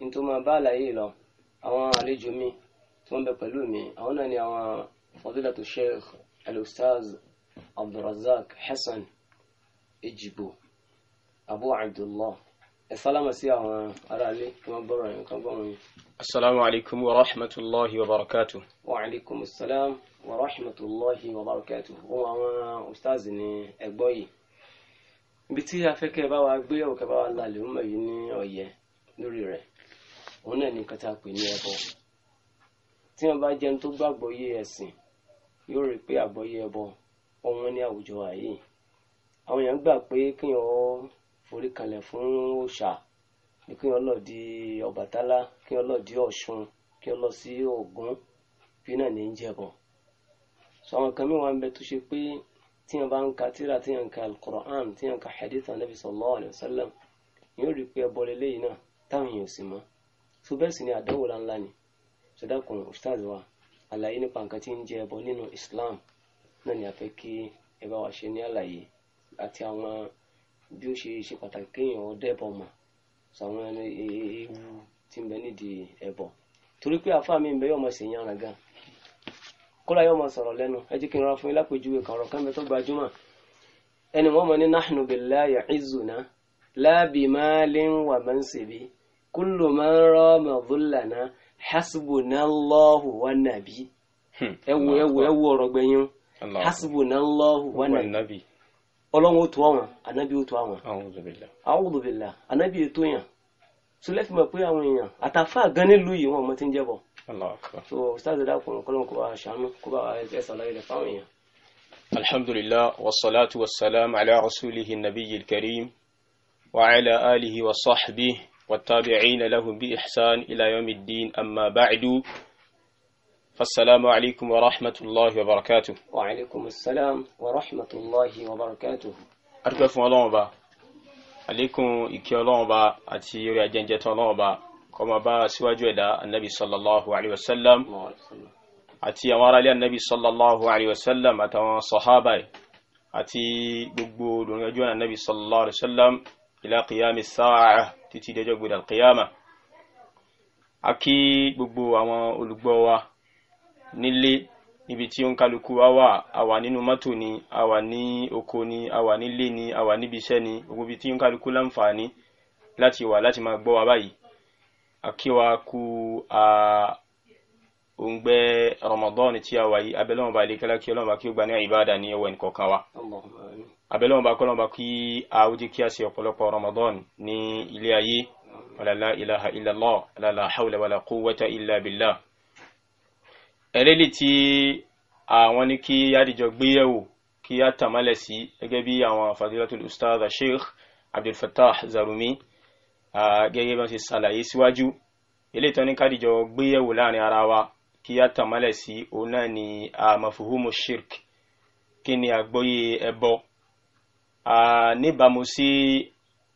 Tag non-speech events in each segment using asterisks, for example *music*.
ní tó máa bá àlàyé lọ àwọn àlejò mi tí wọ́n bẹ pẹ̀lú mi àwọn náà ni àwọn fadilatu sheikh al-ustaz abdulrazak hasan ejibo abu abdullah السلام عليكم السلام عليكم ورحمة الله وبركاته وعليكم السلام ورحمة الله وبركاته وما أستاذني أبوي بتي أفكر بوا أبوي وكبوا الله لهم يني أويه نوري òun náà ní nǹkan tá a pè ní ẹbọ tí wọn bá jẹun tó gbàgbọ́ yé ẹ̀sìn yóò rí pé àgbọ́yé ẹbọ ọ̀wọ́n ní àwùjọ ààyè àwọn èèyàn gbà pé kéèyàn forí kalẹ̀ fún òòṣà ní lọ di ọbàtálá kéèyàn lọ di ọ̀ṣun kéèyàn lọ sí ògún bí náà ní í jẹbọ so àwọn kan mìíràn ń bẹ tó ṣe pé tí wọn bá ń ka tíra tí ń ka alukoran tí ń ka hadith anabi sallallahu alayhi wa sallam yóò rí pé ẹbọ lélẹyìn náà táwọn èèyàn sì mọ̀ so bẹ́ẹ̀ sì ni àdánwò ńláńlá ni ṣẹ̀dákùn ustaz wa àlàyé nípa nǹkan tí ń jẹ ẹbọ nínú Islam náà ni a fẹ́ kí ẹ bá wa ṣe ní àlàyé àti àwọn bí ó ṣe ṣe pàtàkì kéèyàn ó dẹ́bọ̀ mà sàwọn e, e, e, ewu tí ń bẹ nídìí ẹbọ torí pé àfáà mi ń bẹ yóò máa ṣèyàn ara gan kódà yóò máa sọ̀rọ̀ lẹ́nu ẹ jẹ́ kí n rọra fún yín lápèjúwe kan ọ̀rọ̀ kan bẹ tó gbajúmọ̀ ẹni wọ́n mọ̀ ní nahnu billahi izzuna la kullu man rama dhullana hasbunallahu wa nabi ẹwù ẹwù ẹwù ọ̀rọ̀ gbẹ̀yìn hasbunallahu wa nabi ọlọ́run ó tó àwọn ànábì ó tó àwọn a'udhu billah ànábì ètò yàn sọlẹ́fì mọ̀ pé àwọn èèyàn àtàfà gan nílùú yìí wọn mọ ti ń jẹ́bọ̀ so ustaz dákùnrin kọ́lọ́n kó bá ṣàánú kó bá ẹ sàlàyé rẹ̀ fáwọn èèyàn. alhamdulillah wasalaatu wasalaam ala rasulihi nabiyil karim wa ala alihi wa sahbihi. والتابعين لهم بإحسان إلى يوم الدين أما بعد فالسلام عليكم ورحمة الله وبركاته وعليكم السلام ورحمة الله وبركاته أرجو فون الله با عليكم إكي الله با أتي يا جنجة الله با كما با سواجو النبي صلى الله عليه وسلم àti àwọn aráalé ànábì sallallahu alayhi wa sallam àtàwọn sahaba àti gbogbo olùrìnàjò ànábì sallallahu alayhi wa sallam ila qiyami sa'a títí dẹjọ́ gbọdọ̀ kíyàmà a kí gbogbo àwọn olùgbọ́ wa nílé níbi tí ó ń kálukú wa wà a wà nínú mọ́tò ni a wà ní oko ni a nílé ni a níbi iṣẹ́ ni gbogbo ibi tí ó ń kálukú láǹfààní láti wà láti máa gbọ́ wa báyìí a kí wa kú a òǹgbẹ Ramadan tí a wà yìí abẹ́lẹ́wọ̀n bá lékelá kí ọlọ́run bá kí ó gba ní ìbáàdà ní ẹwẹ́ nìkọ̀ọ̀kan wa abẹ́lẹ́wọ̀n bá kọ́lọ́run bá kí àwùjọ kí a ṣe ọ̀pọ̀lọpọ̀ Ramadan ní ilé ayé wàlálà ilaha illallah wàlálà hawla wàlá quwwata illa billah ẹlẹ́lì tí àwọn ní kí adìjọ gbéyẹ̀wò kí a tàmálẹ̀ sí gẹ́gẹ́ bí àwọn fadilatul ustaz sheikh Abdul Fattah Zarumi gẹ́gẹ́ bí wọ́n ti ṣàlàyé síwájú eléyìí tó ní kádìjọ gbéyẹ̀wò láàrin ara wa kí a tàn mọ́lẹ̀ sí òun náà ni àmọ̀fòhùmù shirk kí ni àgbọ́yé ẹbọ níbàámu sí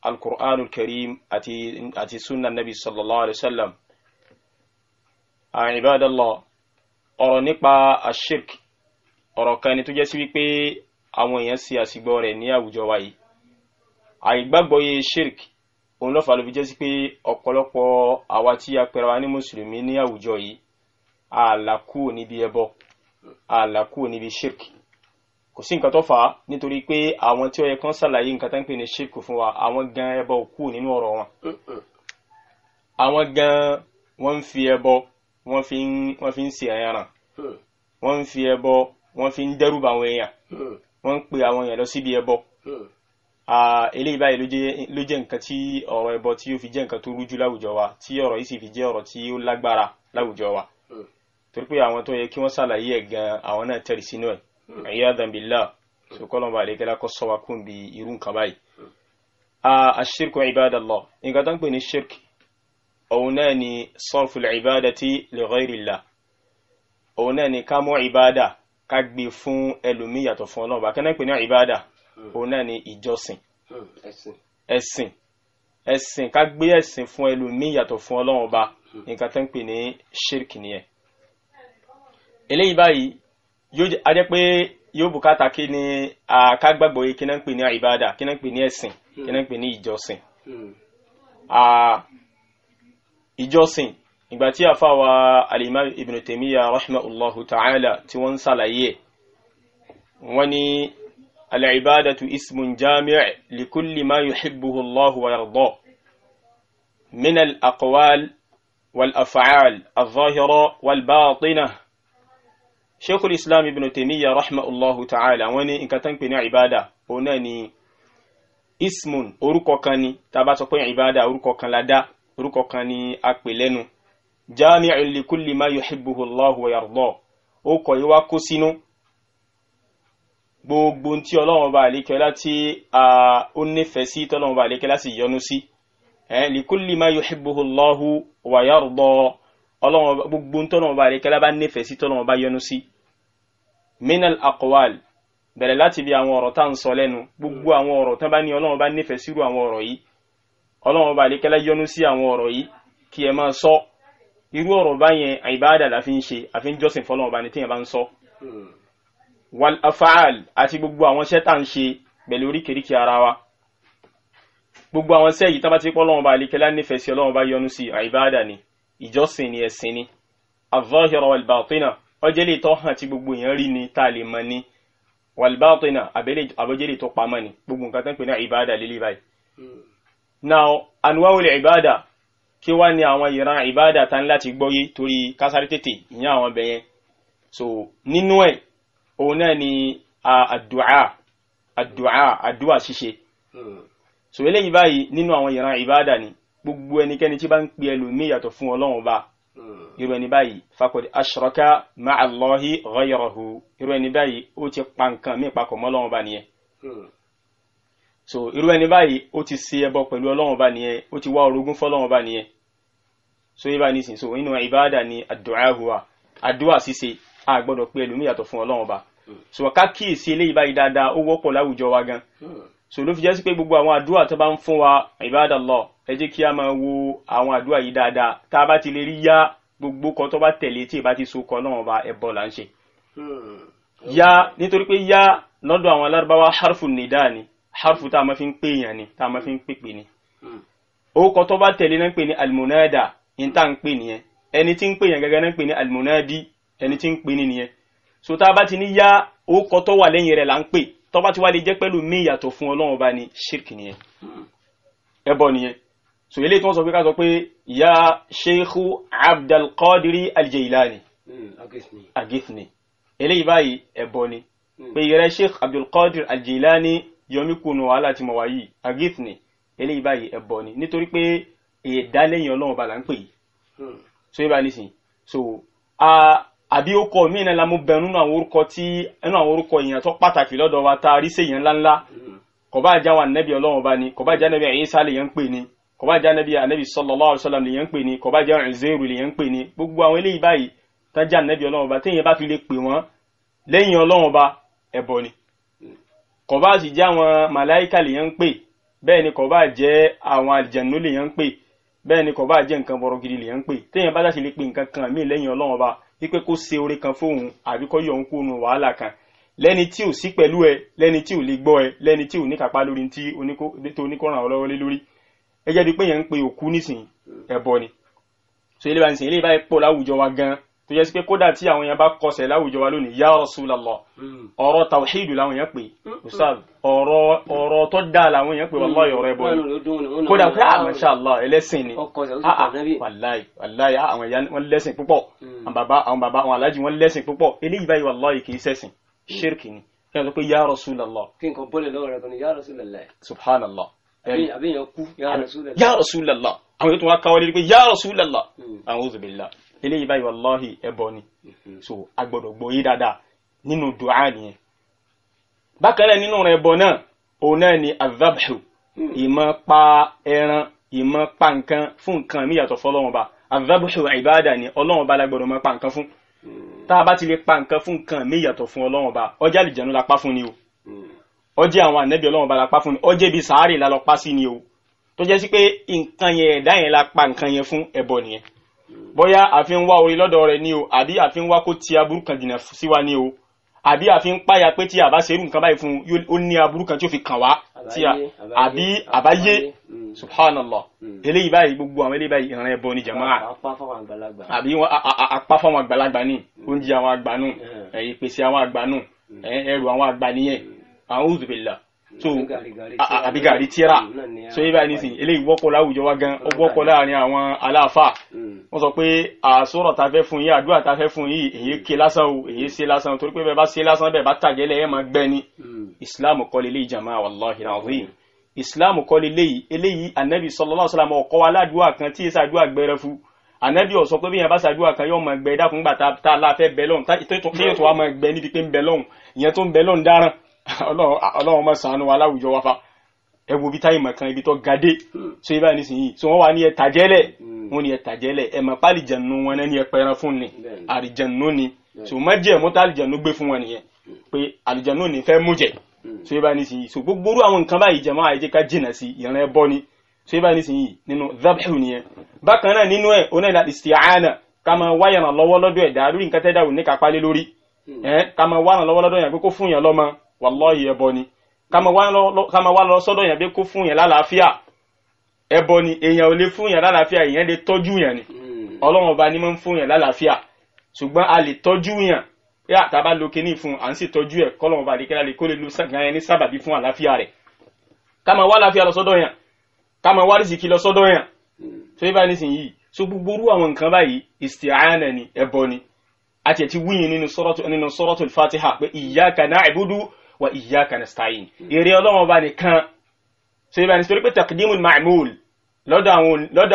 alukur'anul karim àti àti sunna nabi sallallahu alayhi wa sallam ibadallah ọ̀rọ̀ nípa ashirk ọ̀rọ̀ kan ni tó jẹ́ sí wípé àwọn èèyàn sí àsìgbọ́ rẹ̀ ní àwùjọ wa yìí àìgbàgbọ́yé shirk òun ló fà ló fi jẹ́ sí pé ọ̀pọ̀lọpọ̀ àwa tí a pẹ̀rọ wa ní mùsùlùmí ní àwùjọ yìí ààlà kúrò níbi ẹbọ ààlà kúrò níbi shirk kò sí nǹkan tó fà á nítorí pé àwọn tí ó yẹ kán ṣàlàyé nǹkan tó ń pè ní shirk fún wa àwọn gan ẹbọ kúrò nínú ọ̀rọ̀ wọn àwọn gan wọ́n ń fi ẹbọ wọ́n fi ń wọ́n fi ń ṣe ẹran wọ́n fi ẹbọ wọ́n fi ń dẹ́rù bà àwọn èèyàn wọ́n ń pe àwọn èèyàn lọ síbi ẹbọ eléyìí báyìí ló jẹ́ nǹkan tí ọ̀rọ̀ ẹbọ tí ó fi jẹ́ nǹkan tó rújú láwùjọ wa tí ọ̀rọ̀ yìí sì fi jẹ́ ọ̀rọ̀ tí ó lágbára láwùjọ wa torí pé àwọn tó yẹ kí wọ́n ṣàlàyé ẹ̀ gan àwọn náà tẹ̀rí sínú ẹ̀ iyadan billah so kọ́lọ́n bá àlékẹ́lá kọ́ sọ wa kún bí irú nǹkan báyìí. ash-shirku ibadallah nǹkan tó ń pè ní shirk òun náà ni sarful ibadati li ghayrillah òun náà ni ká mú ibada ká gbé fún ẹlòmíì yàtọ̀ fún Ọlọ́run bá kẹ́nẹ́ pè ní ibada òun náà ni ìjọsìn ẹ̀sìn ẹ̀sìn ká gbé ẹ̀sìn fún ẹlòmíì yàtọ̀ fún Ọlọ́run nǹkan tó ń pè ní shirk nìyẹn eléyìí báyìí yóò ajẹ́ pé yóò bùkátà kí ni àkágbàgbọ́ yìí kí náà ń pè ní àìbáàdà kí náà ń pè ní ẹ̀sìn kí náà ń pè ní ìjọsìn. ìjọsìn ìgbà tí a fáwa alimam ibn taymiya rahimahullahu ta'ala tí wọ́n ń ṣàlàyé wọ́n ní al-ibadatu ismun jami' li ma yuhibbuhu Allahu wa yarda min aqwal wal-af'al al wal-batinah sheikul islam ibn taymiya rahmaulahu ta'ala wọ́n ní nǹkan tán pè ní ibada òun náà ni ismun orúkọ kan ni tá a bá sọ pé ibada orúkọ kan la dá orúkọ kan ni a pè lẹ́nu jami'u likulli ma yuhibbuhu allahu wa yarda ó kọ yìí wá kó sínú gbogbo tí ọlọ́run bá àlékẹ́ láti ó nífẹ̀ẹ́ sí tọ́lọ́run bá àlékẹ́ láti yọ́nú sí likulli ma yuhibbuhu allahu wa yarda ọlọ́run gbogbo tọ́lọ́run bá àlékẹ́ láti nífẹ̀ẹ́ sí tọ́lọ́run bá yọ́nú sí minal aqwal bẹ̀rẹ̀ láti bí àwọn ọ̀rọ̀ tá ń sọ lẹ́nu gbogbo àwọn ọ̀rọ̀ tán bá ní ọlọ́run bá nífẹ̀ẹ́ sírú àwọn ọ̀rọ̀ yìí ọlọ́run bá lékẹ́lá yọ́nú sí àwọn ọ̀rọ̀ yìí kí ẹ máa sọ irú ọ̀rọ̀ báyẹn àìbáàdà la fi ń ṣe àfi ń jọ́sìn fọlọ́run bá ní téèyàn bá ń sọ. wal afaal àti gbogbo àwọn iṣẹ́ tá ń ṣe pẹ̀lú oríkèéríkèé ara wa gbogbo àwọn iṣẹ́ yìí tán bá ti pọ́ ọlọ́run bá lékẹ́lá ni ìjọ́sìn ni ẹ̀sìn ni ọjọ́ lè tọ́ hàn tí gbogbo èèyàn rí ni tá a lè mọ̀ ni wàlbáàtìnà àbọ̀jẹ́ lè tọ́ pamọ́ ni gbogbo nǹkan tó ń pè ní ìbáàdà lílé báyìí. Hmm. now anuwawul ìbáàdà kí wá ní àwọn ìran ìbáàdà tán láti gbọ́yé torí kásáré tètè ìyẹn àwọn ọbẹ̀ so nínú ẹ̀ òun náà ni àdùá àdùá àdùá ṣíṣe hmm. so eléyìí báyìí nínú àwọn ìran ìbáàdà ni gbogbo ẹnikẹ́ni tí bá ń pe ẹlòmíì yàtọ̀ fún ọlọ́run ọba irú ẹni báyìí fakọ̀dé ashraka ma'a Allahi ghayrahu irú ẹni báyìí ó ti pa nǹkan mí papọ̀ mọ́ Ọlọ́run bá nìyẹn hmm. so irú ẹni báyìí ó ti ṣe ẹbọ pẹ̀lú Ọlọ́run bá nìyẹn ó ti wá orogún fọ́lọ́run bá nìyẹn so yíba nísìn so inú ìbáàdà ni àdúrà hùwà àdúrà ṣíṣe a gbọ́dọ̀ pé ẹlòmíì yàtọ̀ fún Ọlọ́run bá hmm. so ká kíyèsí eléyìí báyìí dáadáa ó wọ́pọ̀ láwùjọ wa gan hmm so ló fi jẹ́ sí pé gbogbo àwọn àdúrà tó bá ń fún wa ibadallah ẹ jẹ́ kí a máa wo àwọn àdúrà yìí dáadáa tá a bá ti lè rí yá gbogbo kan tó bá tẹ̀lé tí ìbá ti so kan náà ba ẹbọ là ń ṣe. Hmm. yá nítorí pé yá lọ́dọ̀ àwọn alárúbáwá harfu nìdá ni harfu tá a máa fi ń pè yàn ni tá a máa fi ń pèpè ni. Hmm. orúkọ tó bá tẹ̀lé náà ń pè ní almunada ní ń pè nìyẹn ẹni tí ń pè yàn gẹ́gẹ́ náà ń pè ní almunadi ẹni tí ń tó bá ti wá lè jẹ́ pẹ̀lú mí ìyàtọ̀ fún ọlọ́run ọba ni ṣírkì nìyẹn hmm. ẹbọ nìyẹn so eléyìí tí wọ́n sọ pé ká sọ pé ya sheikhu abdulkadiri aljeilani hmm, agithni eléyìí báyìí ẹbọ ni hmm. pé ìrẹ sheikh abdulkadir aljeilani yọmí kùnú wàhálà tí mo wà yìí agithni eléyìí báyìí ẹbọ ni nítorí pé ìdálẹ́yìn ọlọ́run ọba là ń pè yìí so yìí bá nísìnyí so a. Uh, àbí ó kọ míì náà la mú bẹnu nínú àwọn orúkọ tí nínú àwọn orúkọ èèyàn tó pàtàkì lọ́dọ̀ wa tá a rí sèyàn ńláńlá mm. kò bá wa nẹ́bí ọlọ́run bá ní kò bá já nẹ́bí Ìsá lèyàn ń pè ní kò bá já nẹ́bí anẹ́bí sallallahu alaihi wasallam lèyàn ń pè ní kò bá já Uzairu lèyàn ń pè ní gbogbo àwọn eléyìí báyìí tán já nẹ́bí ọlọ́run bá téèyàn bá fi lè pè wọ́n lẹ́yìn ọlọ́run bá ẹbọ ni kò bá sì já àwọn màláìkà lèyàn ń pè bẹ́ẹ̀ ni kò bá jẹ́ àwọn àlìjànú lèyàn ń pè bẹ́ẹ̀ ni kò bá nǹkan bọ̀rọ̀ gidi lèyàn ń pè téèyàn bá dá sí lè pè nǹkan kan míì lẹ́yìn ọlọ́run bá wípé kó ṣe oore kan fóun àbí kó yọ òun kó nu wàhálà kan lẹ́ni tí ò sí pẹ̀lú ẹ lẹ́ni tí ò lè gbọ́ ẹ lẹ́ni tí ò ní kápá lórí tí tó oníkọ̀ràn ọlọ́wọ́ lé lórí ẹ jẹ́ pé yẹn ń pe òkú nísìnyí ẹ̀bọ ni so eléyìí bá ń sìn eléyìí bá láwùjọ wa gan tó yẹ sí pé kódà tí àwọn èèyàn bá kọsẹ̀ láwùjọ wa lónìí ya Rasulullah hmm. ọ̀rọ̀ tawhidu làwọn èèyàn pè hmm, hmm. ustaz ọ̀rọ̀ ọ̀rọ̀ tó dáa làwọn èèyàn pè wallahi ọ̀rọ̀ ẹ̀bọ̀ ni kódà pé ah masha Allah ẹlẹ́sìn ni ah, ah wallahi wallahi ah, àwọn èèyàn wọn lẹ́sìn púpọ̀ àwọn bàbá àwọn bàbá àwọn aláàjì wọn lẹ́sìn púpọ̀ eléyìí báyìí wallahi kì í sẹ́sìn ṣírkì ni kí wọ́n sọ pé ya Rasulullah kí nǹkan bọ́lẹ̀ lọ́wọ́ rẹ̀ kan ni ya Rasulullah subhanallah àbí èèyàn kú ya Rasulullah àwọn èèyàn tún wá káwọ́ lé pé ya eléyìí báyìí wàláhì ẹbọ ni mm-hmm. so a gbọ́dọ̀ gbọ́ yìí dáadáa nínú dùá nìyẹn bákan náà nínú rẹ̀ ẹbọ náà òun náà ni azabhu mm. ìmọ̀ pa ẹran ìmọ̀ pa nǹkan fún nǹkan mi yàtọ̀ fọlọ́wọ́n ba azabhu ìbáàdà ni ọlọ́wọ́n ba la gbọ́dọ̀ mọ̀ pa nǹkan fún mm. tá a bá ti lè pa nǹkan fún nǹkan mi yàtọ̀ fún ọlọ́wọ́n ba ọjà àlìjẹ̀nu la pa fún ni o mm. ọjẹ́ àwọn ànẹ́bí ọlọ́run bá la pa fún ni ọjẹ́ ibi sàárè la lọ pa sí ni o tó jẹ́ sí pé nǹkan yẹn ẹ̀dá yẹn la pa nǹkan yẹn fún ẹbọ nìyẹn bóyá àfi ń wá orí lọ́dọ̀ rẹ̀ ni o àbí àfi ń wá kó ti aburú kan jìnnà sí wa ni o àbí àfi ń páyà pé tí àbá ṣerú nǹkan báyìí fún un ó ní aburú kan tí ó fi kàn wá tí àbí àbáyé hmm. subhanallah hmm. eléyìí báyìí gbogbo àwọn eléyìí báyìí ìran ẹbọ ni jamaa àbí apá fáwọn àgbàlagbà ni hmm. oúnjẹ àwọn àgbà nù ìpèsè àwọn àgbà nù ẹrù àwọn àgbà nìyẹn a'udhu billah so àbí gàrí tíra so yíba nísìnyí eléyìí wọ́pọ̀ láwùjọ wa gan ó wọ́pọ̀ láàrin àwọn aláàfà hmm. wọ́n sọ pé àsọ̀rọ̀ ta fẹ́ fún yìí àdúrà ta fẹ́ fún yìí èyí ké lásán o èyí ṣe lásán torí pé bẹ́ẹ̀ bá ṣe lásán bẹ́ẹ̀ bá tàjẹ́lẹ̀ ẹ̀ máa gbẹ́ ni hmm. islam kọ́ lélẹ́yìí jama wàláhi rahim islam kọ́ lélẹ́yìí eléyìí anabi sallallahu alaihi wasallam ọkọ wa ládùúà kan tí èsì àdúrà gbẹrẹ fún anabi ó sọ pé bíyẹn bá ṣàdúrà kan yóò máa gbẹ dákun gbà tá a láfẹ́ bẹ́ lọ́hùn tó yẹ tó wá máa gbẹ níbi pé ń bẹ ìyẹn tó ń bẹ dáràn ọlọ́run má ṣàánú wa láwùjọ wa fa ẹ wo ibi táyì mọ̀ kan ibi tó gadé hmm. so ibà nísìnyí so wọ́n wà ní ẹ̀ta jẹ́lẹ̀ hmm. wọ́n ní ẹ̀ta jẹ́lẹ̀ ẹ̀ mọ̀ pálí jẹ̀nu wọn náà ní ẹ fún ni àrìjẹ̀nu ni so má jẹ́ mọ́tà àrìjẹ̀nu gbé fún wọn nìyẹn hmm. pé àrìjẹ̀nu ni fẹ́ mú jẹ so ibà nísìnyí so gbogbo orú àwọn nǹkan báyìí jẹ̀mọ́ àìjẹ́ ká jìnà sí ìran ẹ ni so ibà nísìnyí nínú zabhu nìyẹn bákan náà nínú ẹ̀ onáìlà isti'ana ká máa wáyà lọ́wọ́ lọ́dọ̀ ẹ̀dá lórí nǹkan tẹ́dá òní kápá lé lórí ẹ̀ ká máa wáyà lọ́wọ́ lọ́dọ̀ yẹn pé kó fún yẹn lọ́mọ wàlọ́ọ̀hì ẹbọ ni káma wá lọ sọ́dọ̀ yẹn bí kó fún yẹn lálàáfíà ẹbọ ni èèyàn ò lè fún yẹn lálàáfíà èèyàn lè tọ́jú yẹn ni hmm. ọlọ́run ọba ni máa ń fún yẹn lálàáfíà ṣùgbọ́n a lè tọ́jú yẹn pé àtàbá lo kíní fún à ń sì tọ́jú ẹ̀ kọ́lọ́run ọba àdékẹ́lá lè kó lè lo sàgán yẹn ní sábàbí fún àlàáfíà rẹ̀ káma wá àlàáfíà lọ sọ́dọ̀ yẹn káma wá rìsìkì lọ sọ́dọ̀ yẹn tó yẹ bá ní sìn yìí so gbogbo orú àwọn nǹkan báyìí isti'ana ni ẹbọ ni àti ẹ̀ ti wúyin nínú sọ́rọ́tò nínú sọ́rọ́tò fatiha pé iyyaka na'budu wa iyyaka nasta'in èrè ọlọ́run ọba nìkan ṣe ibà ní sọ pé taqdimul ma'mul lọ́dọ̀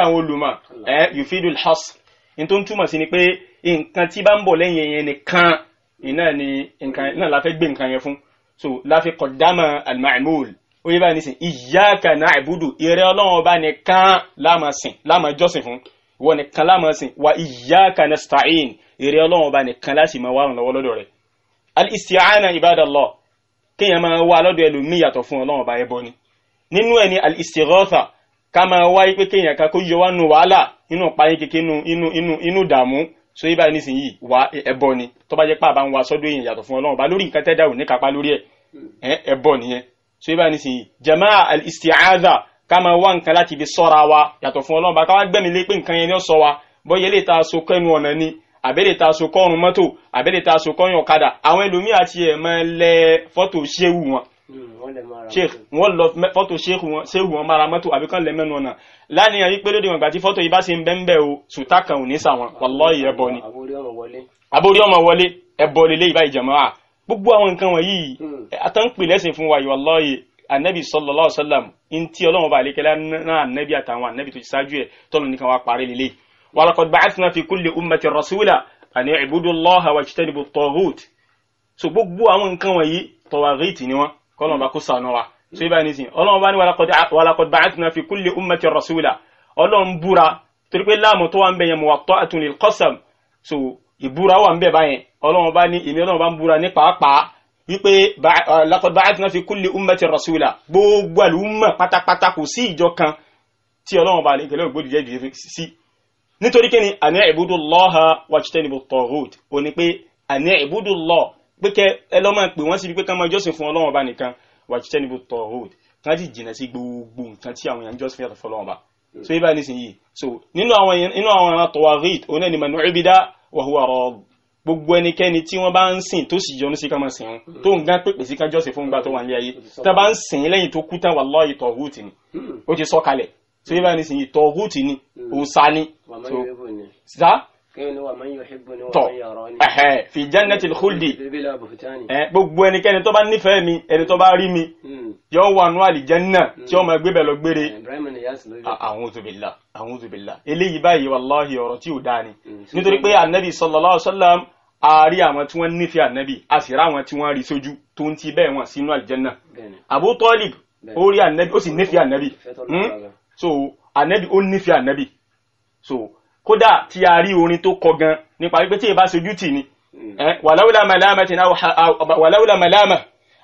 àwọn olùmọ̀ ẹ̀ yufidul hasr ní tó ń túmọ̀ sí ni pé nǹkan tí bá ń bọ̀ lẹ́yìn yẹn nìkan iná ni nǹkan náà la fẹ́ gbé nǹkan yẹn fún so la fi qaddama al-ma'mul ó yẹ báyìí nísìn iyyaka na'budu ìrẹ́ ọlọ́run ọba nìkan láàmà sìn láàmà jọ́sìn fún ìwọ nìkan láàmà wa iyyaka nasta'in ìrẹ́ ọlọ́run ọba nìkan láti máa wà lọ́wọ́ lọ́dọ̀ rẹ̀ al-isti'ana ibadallah kéèyàn máa wá lọ́dọ̀ ẹlòmíì yàtọ̀ fún ọlọ́run ọba ẹbọ ni nínú ẹ̀ ni al-istighatha ká máa wáyé pé kéèyàn ká kó yọ wá nu wàhálà inú ọ̀páyé kékeré inú inú inú dààmú so yí báyìí nísìnyí wà ẹbọ ni tó bá jẹ́ pé àbá ń wá sọ́dọ̀ èèyàn yàtọ̀ fún ọlọ́run ọba lórí nǹkan tẹ́dá ò ní kápá lórí ẹ̀ ẹbọ nìyẹn so yí nísìnyí jamaa al ká máa wá nǹkan láti fi sọ́ra wa yàtọ̀ fún ọlọ́run ọba ká wá gbẹ́mi lé pé nǹkan yẹn ni ó sọ wa bọ́ yẹlé ta so kẹ́nu ọ̀nà ni àbẹ́lẹ̀ ta so kọ́run mọ́tò àbẹ́lẹ̀ ta so kọ́yàn ọ̀kadà àwọn ẹlòmíì àti ẹ̀ máa lẹ fọ́tò ṣéwù wọn hmm, wọ́n lọ fọ́tò ṣéwù wọn mara mọ́tò àbí kán lẹ mẹ́nu ọ̀nà lánìyàn yí pé lóde wọn gbà tí fọ́tò yìí bá ṣe ń bẹ́ńbẹ́ o sùtá kan ò ní sà wọn wallahi ẹbọ ni àbórí ọmọ wọlé ẹbọ lélẹ́ ìbá ìjẹ̀mọ́ à gbogbo àwọn nǹkan wọ̀nyí àtàǹpè hmm. lẹ́sìn fún wa wallahi anabi sallallahu alaihi wasallam ntí ọlọ́wọ́n bá àlékẹ́lá náà anabi àtàwọn anabi tó ti ṣáájú ẹ̀ tọ́lù nìkan wá parí lélẹ́yìí walaqad ba'athna fi kulli ummati rasula àní ibudu allaha wajtanibu at-taghut so gbogbo àwọn nǹkan wọ̀nyí tawaghit ni wọ́n kọ́lọ́n bá kó sànù wa so ibà ní sìn ọlọ́run bá ní walaqad ba'athna fi kulli ummati rasula ọlọ́run búra torí pé láàmú tó wà ń bẹ yẹn muwatta'atun lil qasam so ìbúra wà ń bẹ báyẹn ọlọ́run bá ní èmi ọlọ́run bá ń búra ní pàápàá wípé laqad ba'athna fi kulli ummati rasula gbogbo àlùmọ̀ pátápátá kò sí ìjọ kan tí ọlọ́run bá ní ìkẹlẹ́ ògbódìjẹ́ sí nítorí kí ni àní ìbúdúlọ́ha wàjítẹ́nìbù tọ̀húd ò ní pé àní ìbúdúlọ́ pé kẹ ẹlọ́mọ pé wọ́n sì rí pé ká máa jọ́sìn fún ọlọ́wọ́n ọba nìkan wàjítẹ́nìbù tọ̀húd ká sì jìnà sí gbogbo nǹkan tí àwọn èèyàn jọ́sìn fún ọlọ́wọ́n ọba so yí báyìí nísìnyí so nínú àwọn inú àwọn ọ̀nà tọ̀wárìd òun náà ni manu ibida wàhùwà rọ́ọ̀bù gbogbo ẹnikẹ́ni tí wọ́n bá ń sìn tó sì yọnu sí ká máa sìn wọn tó ń gán pèpè sí ká jọ́sìn fún gbà tó wà ní ayé tá bá ń sìn lẹ́yìn tó kú tán wà lọ́ọ̀yì tọ̀húùtì ni ó ti sọ kalẹ̀ so yíba ní sìn tọ́gùtì ni hmm. òòṣà ni so sa tọ ẹhẹ fi jannatil khuldi ẹ gbogbo ẹnikẹ́ni tó bá nífẹ̀ẹ́ mi ẹni tó bá rí mi hmm. yóò wà nù àlìjánná hmm. tí ó máa gbébẹ̀ lọ gbére eh, a'udhu billah a'udhu billah eléyìí báyìí wàláhì ọ̀rọ̀ tí ò dáa ni nítorí pé anabi sallallahu alaihi wasallam a rí àwọn tí wọ́n nífẹ̀ẹ́ anabi a àwọn tí wọ́n rí sójú tó ń ti bẹ́ẹ̀ wọn sínú àlìjánná Abu ó rí anabi ó sì nífẹ̀ẹ́ anabi so ànábì ó nífẹ̀ẹ́ ànábì so kódà tí a rí orin tó kọ gan nípa wípé tí ì bá sojú tì ní wàláwùlà màláàmà hm, tí wàláwùlà màláàmà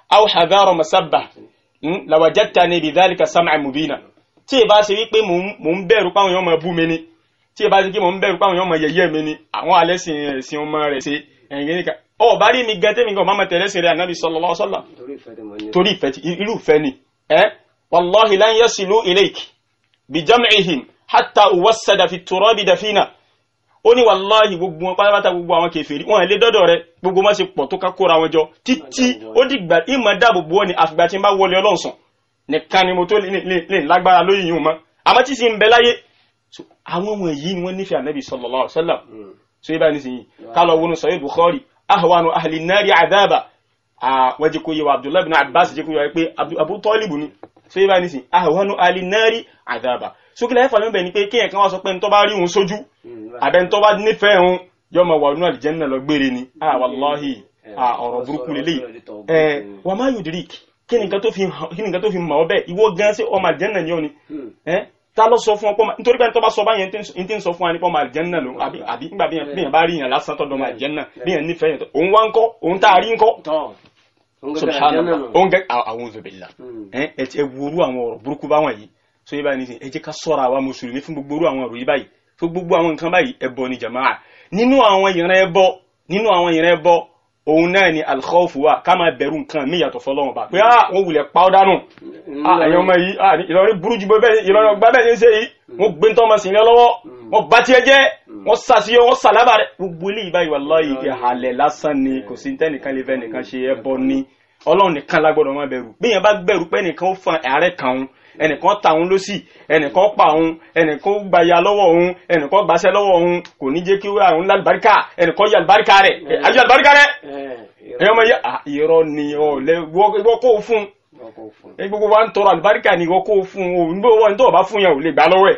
aw hadhara masabba lawajadtani bidhalika sam'an mubina tí ì bá ṣe wípé mò ń bẹ̀rù páwọn èèyàn máa bú mi ni tí ì bá ṣe wípé mò ń bẹ̀rù páwọn èèyàn máa yẹ̀yẹ́ mi ni àwọn alẹ́sìn ẹ̀sìn ọmọ rẹ̀ ṣe ẹ̀yìn nìkan ọ bá rí mi gan tẹ́mi gan máma tẹ̀lé sẹ̀rẹ̀ ànábì sallallahu torí ìfẹ́ irú ìfẹ́ ni wallahi lan yasilu bijam'ihim hatta uwassada fi turabi dafina ó ní wàláhì gbogbo wọn pátápátá gbogbo àwọn kèfèrí wọn lè dọ́dọ̀ rẹ gbogbo wọn sì pọ̀ tó ká kóra wọn jọ títí ó dìgbà ìmọ̀ dáàbò bo ni àfìgbà tí n bá wọlé ọlọ́sàn nìkan ni mo tó lè lágbára lóyìn yìí mọ́ àmọ́ tí sì ń bẹ láyé àwọn wọ̀nyí ni wọ́n nífẹ̀ẹ́ ànábì sallallahu alaihi wasallam so ibà nísìnyí kálọ̀ wọnú sọ̀yẹ́ Bukhari ahwanu ahli adaba ah, wọ́n jẹ́ kó Abdullahi bin Abbas jẹ́ kó so yíba ní sìn ahwanu alinari adaba so kí láìfà lọ́bẹ̀ ni pé kéèyàn kan wá sọ pé ntọ́ba rí òun sójú hmm, àbẹ́ ntọ́ba nífẹ̀ẹ́ òun yọ ma wà nínú àlìjẹ́nà lọ gbére ni ah hmm. wàláhì eh, ah ọ̀rọ̀ burúkú lélẹ̀ ẹ̀ wà má yóò dirik kí ni nǹkan tó fi mọ̀ ọ́ bẹ́ẹ̀ ìwọ gan sí ọmọ àlìjẹ́nà ni ọ́ ni hmm. eh, ta ló sọ fún ọ pọ́ ma nítorí pé ẹni tó bá sọ báyẹn ń tí ń sọ fún wa nípa ọmọ àlìjẹ́nà ló àbí nígbà bí yẹn bá rí yẹn lásán tọ́dọ̀ ọmọ àlìjẹ́nà bí yẹn nífẹ̀ẹ́ yẹn òun wá ń kọ́ òun tá a rí ń kọ́ subhanahu ó ń gẹ àwọn òzòbìlà ẹ ti ẹ wúru àwọn ọ̀rọ̀ burúkú báwọn yìí so yìí báyìí nìyí ẹ jẹ́ ká sọ́ra àwa mùsùlùmí fún gbogbo orú àwọn ọ̀rọ̀ yìí báyìí fún gbogbo àwọn nǹkan báyìí ẹbọ ni jamaa nínú àwọn ìran ẹbọ nínú àwọn ìran ẹbọ òun náà ni alkhawfu wa ká máa bẹ̀rù nǹkan mí yàtọ̀ fọlọ́wọn bá pé á ah, wọn wulẹ̀ pa ọ́ dànù hmm. ah, ẹ̀yàn ọmọ yìí ah, Ìlọrin burú ju bẹ́ẹ̀ Ìlọrin ọgbà bẹ́ẹ̀ Mm. wọ́n sàṣeyẹ wọ́n sàlábà rẹ̀ gbogbo eléyìí báyìí wàláyé ìhàlẹ̀ lásán ni kò sí tẹ́nìkan lè fẹ́ nìkan ṣe ẹbọ mm. ni ọlọ́run nìkan lágbọ́dọ̀ máa bẹ̀rù bí yẹn bá bẹ̀rù pé ẹnìkan ó fa ààrẹ kan òun ẹnìkan ta òun lọ́sì ẹnìkan pa òun ẹnìkan gba ya lọ́wọ́ òun ẹnìkan gbaṣẹ́ lọ́wọ́ òun kò ní jẹ́ kí ó àwọn lálùbáríkà ẹnìkan yà lùbáríkà rẹ̀ mm. àjọ lùbáríkà rẹ̀ eh, ẹ̀yọ́mọ̀ ah, yẹ ẹ gbogbo wa ń tọrọ àlùbáríkà ni ìwọ kó fún o níbo wọn tó o bá fún yẹn ò lè gbà lọ́wọ́ ẹ̀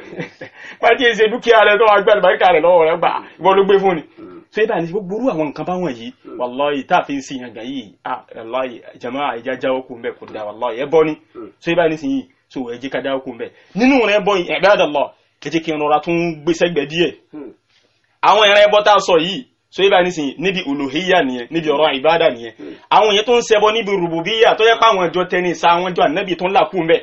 pàtí *laughs* èsè dúkìá rẹ tó wàá gbé àlùbáríkà rẹ lọ́wọ́ rẹ gbà ìwọ ló gbé fún ni. Hmm. so ibà ní gbogbo orú àwọn nǹkan báwọn yìí hmm. wàláyé tá a fi ń sin yàn gbà yìí wàláyé jama ìjà jáwọ́ kó mbẹ kó da wàláyé hmm. ẹ bọ́ ni so ibà ní sin yìí so ẹ jẹ́ ká jáwọ́ kó mbẹ nínú rẹ bọ́ yìí ẹ̀dá àdàlọ́ ẹ jẹ́ kí n rọra tún gbé sẹ́gbẹ̀ẹ́ díẹ̀ àwọn ìrìn ẹbọ tá a sọ yìí so ibà nísìnyí níbi olùhíyà nìyẹn níbi ọ̀rọ̀ ìbáàdà nìyẹn àwọn èèyàn tó ń ṣẹbọ níbi rùbùbíyà tó yẹ pé àwọn ìjọ tẹni sa àwọn ìjọ ànábì tó ń làkú ń bẹ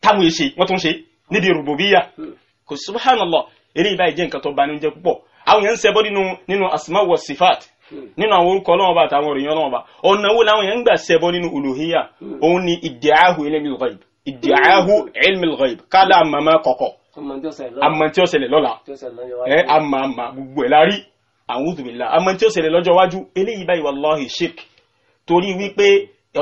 táwọn èṣe wọn tó ń ṣe níbi rùbùbíyà hmm. kò subhanallah eré ibà ìjẹ nǹkan tó bani ń jẹ púpọ̀ àwọn èèyàn ń ṣẹbọ nínú nínú asma wa sifat hmm. nínú àwọn orúkọ Ọlọ́run Ọba àtàwọn òrìyàn Ọlọ́run Ọba ọ̀nà wo làwọn èèyàn ń gbà ṣẹbọ nínú olùhíyà hmm. òun ni ìdíyàhù ilmi al ìdíyàhù ilmi al-ghaib àmàmà kọ̀kọ̀ àmà tí lọ́la àmà àmà gbogbo ẹ̀ la rí a'udhu billah àmọ́ tí ó ṣẹlẹ̀ lọ́jọ́ iwájú eléyìí báyìí wallahi shirk torí wípé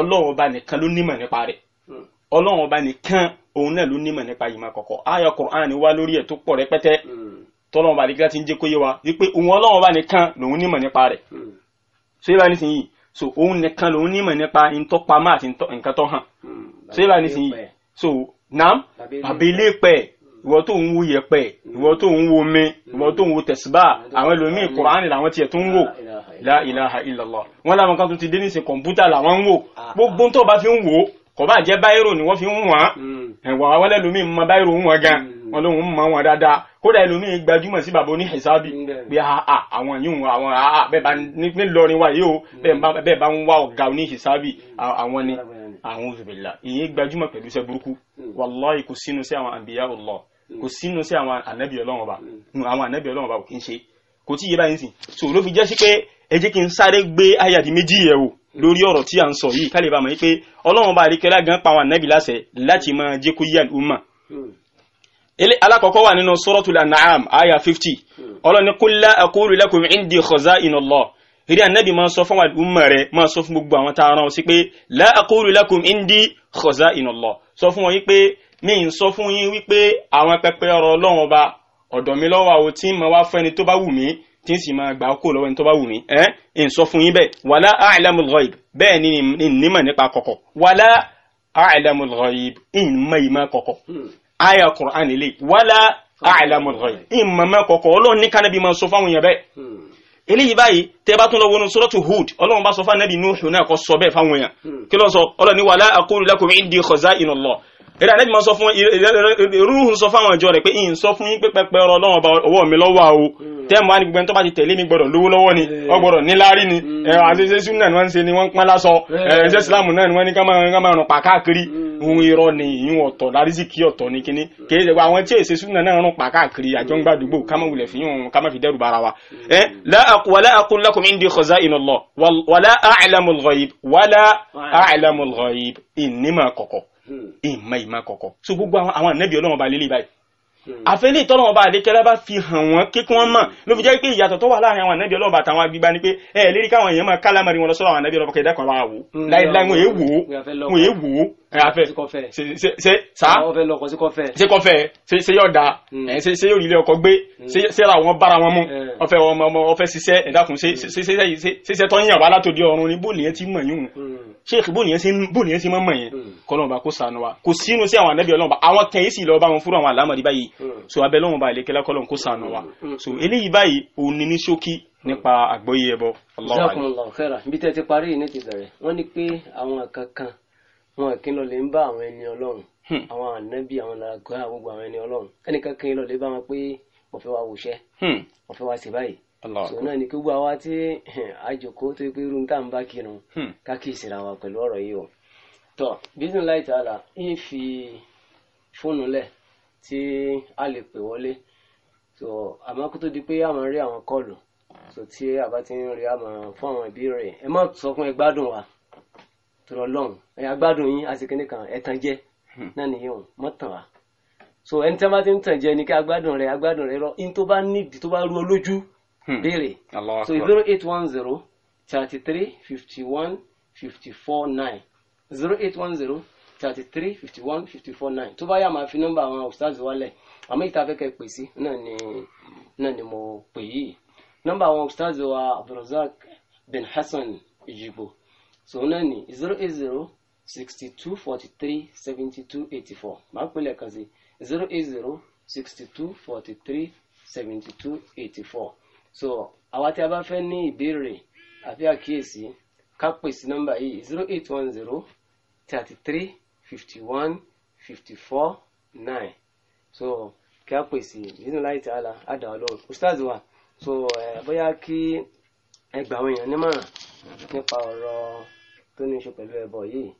ọlọ́run ọba nìkan ló nímọ̀ nípa rẹ̀ hmm. ọlọ́run ọba nìkan òun náà ló nímọ̀ nípa ìmọ̀ kọ̀kọ̀ ayọ̀ Qur'an wá lórí ẹ̀ tó pọ̀ rẹpẹtẹ hmm. tọ́lọ́run ọba nìkan ti ń jẹ́ kó yé wa wípé òun ọlọ́run ọba nìkan lòun nímọ̀ nípa rẹ̀ so hmm. yíba nísìnyí so òun nìkan lòun nímọ̀ nípa ntọ́pamọ́ àti nǹkan so yíba nísìnyí so ìwọ tó ń wo yẹ̀pẹ̀ ìwọ tó ń wo omi ìwọ tó ń wo tẹ̀síbà àwọn ẹlòmíì kùránì làwọn tiẹ̀ tó ń wò la ilaha illallah wọn làwọn kan tó ti dé nísìn kọ̀ǹpútà làwọn ń wò gbogbo tó bá fi ń wò kò bá jẹ́ báyìrò ni wọ́n fi ń wọ́n mm. ẹ̀wọ̀n àwọn ẹlòmíì mọ báyìrò ń mm. wọ́n gan wọn lòun mọ wọn dáadáa kódà ẹlòmíì gbajúmọ̀ sí bàbá oníhẹ̀sábì mm, pé àà ah, ah, àwọn yìí wọn àwọn àà ah, bẹ́ẹ̀ bá nílọrin wa yìí o bẹ́ẹ̀ bá ń wá ọ̀gá oníhẹ̀sábì àwọn ni àwọn òbí ìyẹn gbajúmọ̀ pẹ̀lú iṣẹ́ burúkú wàláhì kò sínú sí àwọn àbíyá Allah Mm. kò sínú sí àwọn ànábì ọlọ́run ọba mm. Mm, àwọn ànábì ọlọ́run ọba kò kí ń ṣe kò tí yé báyìí sìn so ló fi jẹ́ sí pé ẹ jẹ́ kí n sáré gbé àyàdí méjì yẹ̀ wò lórí ọ̀rọ̀ tí a ń sọ yìí kálí ìbámu yìí pé ọlọ́run àríkẹ́lá gan pa àwọn ànábì láṣẹ láti máa jẹ́ kó yí àlùmọ̀ alakọ̀kọ́ wà nínú suratul an'am aya fifty, ọlọ́ni qul la aqulu lakum indi khaza'inullah eré ànábì máa sọ fún àlùmọ̀ rẹ̀ máa sọ la aqulu lakum indi khaza'inullah sọ fún wọn mi ń sọ fún yín wípé àwọn pẹpẹ ọ̀rọ̀ Ọlọ́run ọba ọ̀dọ̀ mi lọ́wọ́ àwọn tí mo wá fẹ́ni tó bá wù mí tí n sì máa gbà kó lọ́wọ́ ẹni tó bá wù mí ẹ́ ń sọ fún yín bẹ́ẹ̀ wàlá a'lamul ghaib bẹ́ẹ̀ ni nímọ̀ nípa kọ̀kọ̀ wàlá a'lamul ghaib ìmọ̀ ìmọ̀ kọ̀kọ̀ àyà hmm. Qur'an lè wàlá a'lamul ghaib hmm. ìmọ̀ mọ̀ kọ̀kọ̀ ọlọ́run ní kánábì máa sọ fáwọn èèyàn bẹ́ẹ̀. Hmm. eléyìí báyìí tẹ́ bá tún lọ wọnú suratu Hud ọlọ́run bá sọ fún anábì Nuhu náà kó sọ bẹ́ẹ̀ fáwọn èèyàn kí ló sọ ọlọ́run ní wàlá aqulu lakum indi khaza'inullah eré ànábì máa sọ fún irúhùn sọ fún àwọn ìjọ rẹ̀ pé ìyìn sọ fún yín pé ọ̀rọ̀ Ọlọ́run ọba ọwọ́ mi lọ́wọ́ o hmm. tẹmu wá ní gbogbo ẹni tó bá ti tẹ̀lé mi gbọ́dọ̀ lówó lọ́wọ́ ni ó hmm. níláárí ni àṣeṣe sún náà ni wọ́n ń ṣe ni wọ́n ń pọn lásọ hmm. ẹṣẹ sílámù náà ni wọ́n ní ká máa rún pa káàkiri ohun irọ́ ni ìyún ọ̀tọ̀ lárísìkí ọ̀tọ̀ ni kíní kì í ṣe àwọn tí èsè sún náà rún pa káàkiri àjọ ń gbàdúgbò ká má wulẹ̀ fi yún ká má fi dẹ́rù bara wa. wàlá aqul Hmm. ìmọ̀ ìmọ̀ kọ̀kọ̀ so gbogbo àwọn ànábì ọlọ́run ọba lélẹ̀ báyìí àfẹ́lẹ́ hmm. ìtọ́lọ́wọ́n bá àdékẹ́lá bá fi hàn wọ́n kí wọ́n mọ̀ ló fi jẹ́ pé ìyàtọ̀ tó wà láàrin àwọn ànábì ọlọ́run àtàwọn agbígbá ni pé ẹ lérí káwọn èèyàn máa kálámàrí wọn lọ sọ́rọ̀ àwọn ànábì ọlọ́run kẹ̀dá kan wà wò láìláì wọn èèwò wọn èèwò ẹ afẹ ṣe ṣe sa ṣe kọfẹ ṣe ṣe yọ da ẹ ṣe ṣe yóò rí ilé ọkọ gbé ṣe ṣe ra wọn bára wọn mú eh. ọfẹ ọmọ ọmọ ọfẹ ṣiṣẹ ẹdákun ṣe ṣe ṣe ṣe ṣe tọ́ yíyàn wá látòdì ọ̀run ni bóòlù yẹn ti mọ̀ yún ṣéèkì hmm. bóòlù yẹn ti bóòlù yẹn ti mọ̀ yẹn hmm. kọ́lọ́n ba kó sànù wa kò sínú sí àwọn anábì ọlọ́run ba àwọn kan yìí sì lọ bá wọn fúru àwọn àlámọ̀dé báyìí hmm. so abẹ́ lọ́wọ́n ba ìlékẹ́lá kọ́lọ́n kó sànù wa so eléyìí báyìí òun ni ní ṣókí nípa àgbóyè ẹbọ. ìjọkùnrin lọ fẹ́ràn bí tẹ́ ti parí ní ti wọn kí n lọ lè ń bá àwọn ẹni ọlọ́run hmm. àwọn ànábì àwọn làgbà gbogbo àwọn ẹni ọlọ́run ẹnìkan kí n lọ lè bá wọn pé wọ́n fẹ́ wá wòṣẹ́ wọ́n hmm. fẹ́ wá sí báyìí sọ náà ni kí gbogbo àwa tí àjòkó eh, tó pé irú nǹkan bá kírun hmm. ká kì í síra wa pẹ̀lú ọ̀rọ̀ yìí o tọ bísí láì tààlà ń fi fóònù lẹ̀ tí a lè pè wọlé so àmọ́ kó tó di pé a máa rí àwọn kọ́ọ̀lù so tí a bá ti ń rí a máa fún àwọn ìbéèrè ẹ má sọ fún ẹ gbádùn wa tọrọ lọ́hùn ẹ̀yà gbádùn yín àsìkíní kan ẹ̀tàn jẹ́ hmm. náà nìyẹn o mọ́tàn wa so ẹni tí wọ́n bá ti ń tàn jẹ́ ni kí agbádùn rẹ̀ agbádùn rẹ̀ rọ in tó bá nídìí tó bá rú olójú hmm. béèrè so zero eight one zero thirty three fifty one fifty four nine zero eight one zero thirty three fifty one fifty four nine tó bá yà máa fi nọ́mbà àwọn ustaz wálẹ̀ àmọ́ ìta fẹ́kẹ̀ pè sí náà ni náà ni mo pè yìí nọ́mbà àwọn ustaz wa Abdulrazak bin Hassan Ejigbo so náà ní zero eight zero sixty two forty three seventy two eighty four máa ń pè zero eight zero sixty two forty three seventy two eighty four so àwa tí a bá fẹ́ ní ìbéèrè àbí àkíyèsí ká pè sí nọ́mbà yìí zero eight one zero thirty three fifty one fifty four nine so kí a pè sí nínú láì tí a la á dà ọ lóhùn ustaz wa so ẹ bóyá kí ẹ gbà àwọn èèyàn nímọ̀ràn nípa ọ̀rọ̀ tó ní í ṣe pẹ̀lú ẹbọ yìí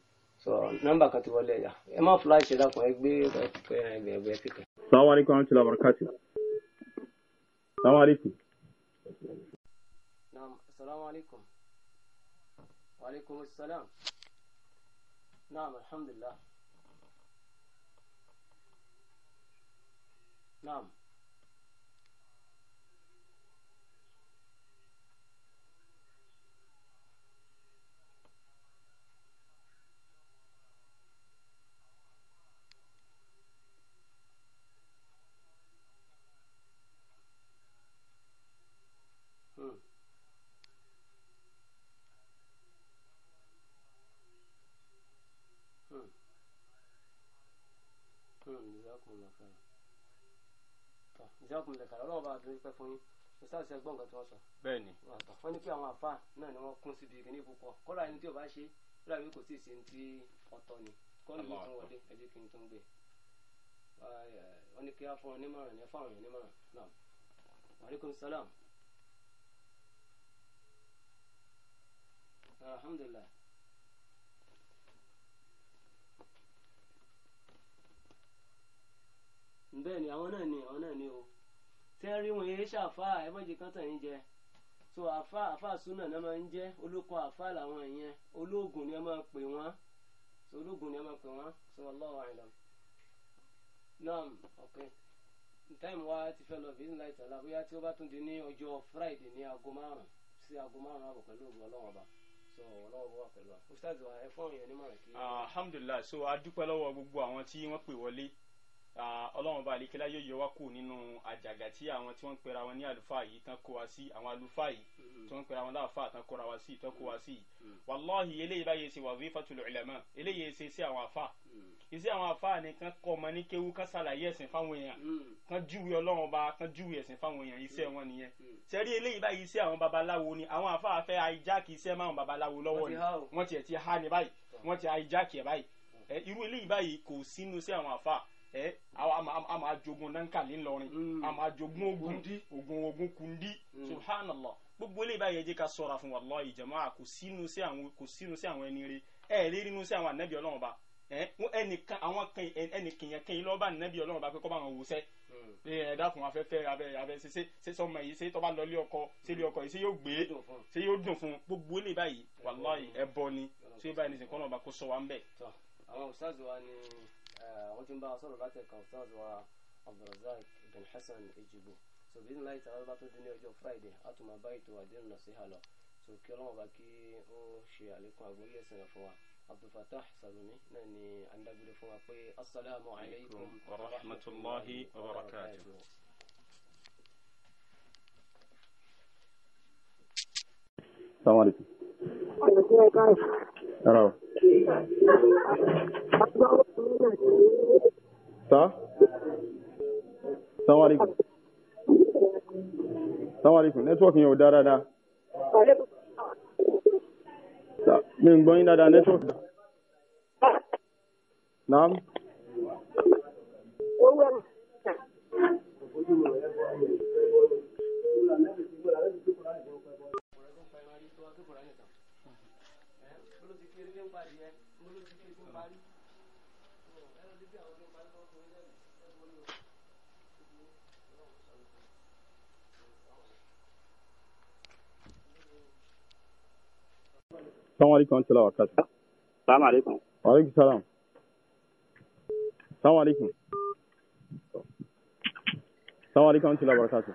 sọ nọ́mbà kan ti wọlé ẹ̀yà ẹ má fúláì ṣe dákun ẹ gbé ẹgbẹ́ ẹgbẹ́ kíkẹ́. Assalamu alaikum warahmatullahi wabarakatuh. Assalamu alaikum. Naam, assalamu alaikum. Wa alaikum assalam. Naam, alhamdulillah. Naam. ìṣẹ́kùn lè kàrà ọlọ́run bá dorí pẹ́ fún yín ìṣàṣẹ ẹgbọ́n nǹkan tí wọ́n sọ. bẹ́ẹ̀ni. wọ́n ní kí àwọn àfa náà ni wọ́n kún síbi kíní púpọ̀ kọ́lá ẹni tí ò bá ṣe kọ́lá mi kò tí ì ṣe ti ọ̀tọ̀ ni kọ́lá mi tún wọlé ẹjẹ́ kí n tún gbé. wọ́n ní kí á fún ọ nímọ̀ràn ní fáwọn èèyàn nímọ̀ràn náà. aleykum salaam. alhamdulilayi. ni àwọn náà ni àwọn náà ni o tẹ́ ń rí wọn yéé ṣàfà ẹ̀fọ́jì kan tàn yín jẹ so àfà àfà súnà náà máa ń jẹ́ olóko àfà làwọn ìyẹn olóògùn ni ẹ máa pè wọ́n so olóògùn ni ẹ máa pè wọ́n so Allahu a'lam naam okay time wa ti fẹ́ lọ bíi láì tẹ̀lá tí ó bá tún di ní ọjọ́ friday ní aago márùn-ún sí aago márùn-ún àbọ̀ pẹ̀lú ògùn ọlọ́wọ́n ọba ah, alhamdulilayi so a dúpẹ́ lọ́wọ́ gbogbo àwọn tí wọ́n pè wọlé ọlọ́run bá àlékelá yóò yọ wá kù nínú àjàgà tí àwọn tí wọ́n ń pera wọn ní àlùfáà yìí tán kó wa sí àwọn àlùfáà yìí tí wọ́n ń pera wọn láàfáà tán kóra wa sí tán kó wa sí yìí eléyìí báyìí ṣe wazifatul ulama eléyìí ṣe sí àwọn àfáà iṣẹ́ àwọn àfáà ni kán kọ́ ọmọ ní kéwú kán ṣàlàyé ẹ̀sìn fáwọn èèyàn kán júwe ọlọ́run bá kán júwe ẹ̀sìn fáwọn èèyàn iṣẹ́ wọn nìyẹn sẹ́rí eléyìí báyìí iṣẹ́ àwọn babaláwo ni àwọn àfáà fẹ́ àìjákì iṣẹ́ máwọn babaláwo lọ́wọ́ ni wọ́n tiẹ̀ ti há ni báyìí ẹ a máa jogun nankali ńlọrin mm. a máa jogun ogun ogun ogun kundi mm. subhanallah gbogbo eléyìí báyìí ẹ jẹ́ ká ṣọ́ra fún wallahi jamaa kò sínú sí àwọn kò sínú sí si ẹni rẹ ẹ lè rínú sí àwọn ànábì Ọlọ́run ba ẹnìkan àwọn ẹnìkìyàn kìyìn lọ́ọ́ bá ànábì Ọlọ́run ba pé kọ́ bá wọn wò sẹ́ mm. ẹ dákun afẹ́fẹ́ abẹ abẹ ṣe ṣe sọmọ yìí ṣe tọ́ba lọlé ọkọ ṣe lé ọkọ yìí se yóò gbé ṣe yóò dùn fún gbogbo eléyìí báyìí wallahi ẹ bọ ni ṣé báyìí nìsín kọ́nà ọba kó sọ wa ń bẹ̀. àwọn òṣàzù wa ni ممكن آه، بقى اوصل لغايه الكوثاز وعبد الرزاق بن حسن يجيبو سو باذن الله تعالى بطل الدنيا جو فرايدي اتوما بايت وادير نصيحه له سو كيلو باكي او شي عليكم اقول يا سنفوا عبد الفتاح سالوني لاني عندك اقول لكم السلام عليكم ورحمه الله وبركاته السلام عليكم. Rárá o. Sá. Sáwọn àríkù. Sáwọn àríkù. Nẹ́tíwọ̀kì yẹn ò dáa dáadáa. Mi ń gbọ́ yín dáadáa nẹ́tíwọ̀kì. Naam. Thank you ti fi eré ní ìpàdé yẹn mo ló ti fi tó parí ẹnu dídí àwọn tó parí tó kọrin lẹ́nu ẹnu wọn ni o. Assalamu alaikum tila wa kati. Assalamu alaikum. Wa alaikum salam. alaikum. Assalamu alaikum tila wa kati.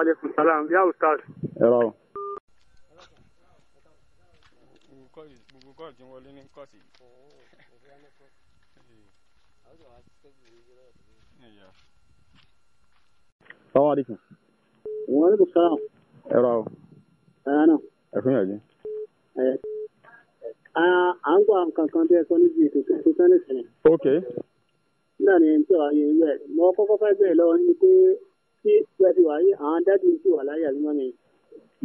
alaikum salam. Ya ustaz. Ẹ̀rọ. bọ́ọ̀lù tí wọlé ní kọ́ọ̀sì yìí. sọ́wọ́n àdìkùn. wọ́n ní kò sọ́ràn. ẹ̀rọ o. ẹ̀rọ náà. ẹ̀fún yàjú. à ń gbọ́ àwọn kankan bí ẹ sọ níbi ètò tó tán ní sinmi. ok. nígbà ní ẹni tí wàá yẹ ìwé ẹ̀ mọ kọ́kọ́ fẹ́ bẹ̀rẹ̀ lọ́wọ́ ni pé tí ìgbà tí wàá yẹ àwọn dádì mi ti wà láyé àbí mọ́mì.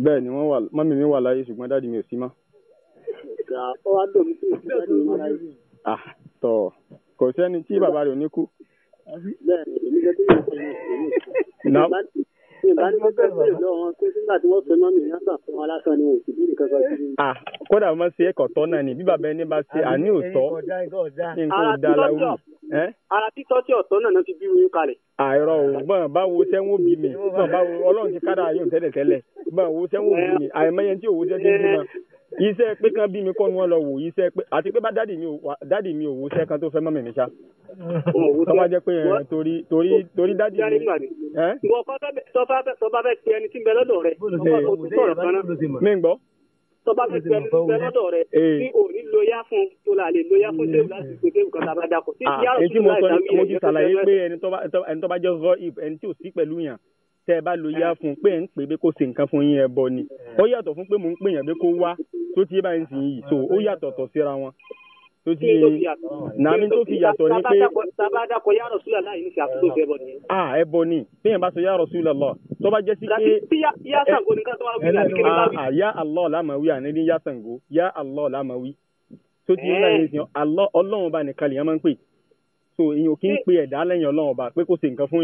bẹ́ẹ̀ ni wọ́n wà mọ́mì mi wà láyé ṣùgbọ́n dádì mi ò sí mọ́. Ah, tọ́ kò sẹ́ni tí bàbá rẹ̀ ò ní kú. Ah, kódà mo ṣe ẹkọ tọ náà ni bí bàbá ẹni bá ṣe àní òtọ ní nǹkan ọdá aláwù. ara títọ́ tí ọ̀tọ́ náà náà ti bí kalẹ̀. àìrọ báwo sẹ́wọ́n bí mi ah, ọlọ́run ti kára yóò tẹ́lẹ̀ tẹ́lẹ̀ báwo sẹ́wọ́n bí mi àìmọye tí òwò jẹ́ bí mi iṣẹ́ pé kán bí mi kọ́ ni wọ́n lọ wò iṣẹ́ pé àti pé bá dádì mi ò dádì mi ò wò iṣẹ́ kan tó fẹ́ mọ́ mi mi ṣá. tó bá jẹ́ pé eh, torí torí torí dádì mi. Eh? ìwọ kọ́ tó bá fẹ́ pe ẹni tí ń bẹ lọ́dọ̀ rẹ̀ ọkọ̀ tó sọ̀rọ̀ kan náà. mi ń gbọ́ tọba fi pẹ̀lú lọ́dọ̀ rẹ eh. tí o ní lóyà fún tó la lè lóyà fún tébù láti pè tébù kan tàbá dàpọ̀. Ah, èyí tí mo sọ ni mo ti ṣàlàyé pé ẹni tó bá jẹ́ zọ ẹni tí ò sí pẹ̀lú yàn tẹ́ ẹ bá lo yá fún un pé ń pè é pé kó nǹkan fún yín ẹ bọ ni ó yàtọ̀ fún pé mò ń pè yàn pé kó wá tó ti yé báyìí sì yìí so ó yàtọ̀ tọ̀ síra wọn tó ti yé nàámi tó fi yàtọ̀ pé. sábàdà yìí ní ni. a ẹ bọ ni bí yẹn bá sọ tó bá sí pé. láti yá eh. nìkan tó wà láti yá làmàwí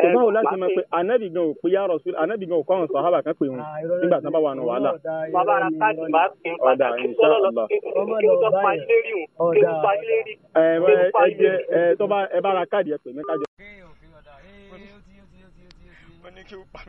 ṣùgbọ́n o láti mọ pé anabi gan ò pé yá rọ̀ anabi gan ò àwọn sàhábà kan pè wọ́n ah, nígbà tí wọ́n bá wà wàhálà. bàbá ara káàdì máa fi ń padà kí n sọ́lọ́ lọ kí n sọ pàṣẹ́rì hùn kí n pàṣẹ́rì. ẹ ẹ jẹ ẹ tó bá ẹ bá ara káàdì ẹ pè mí ní kí pa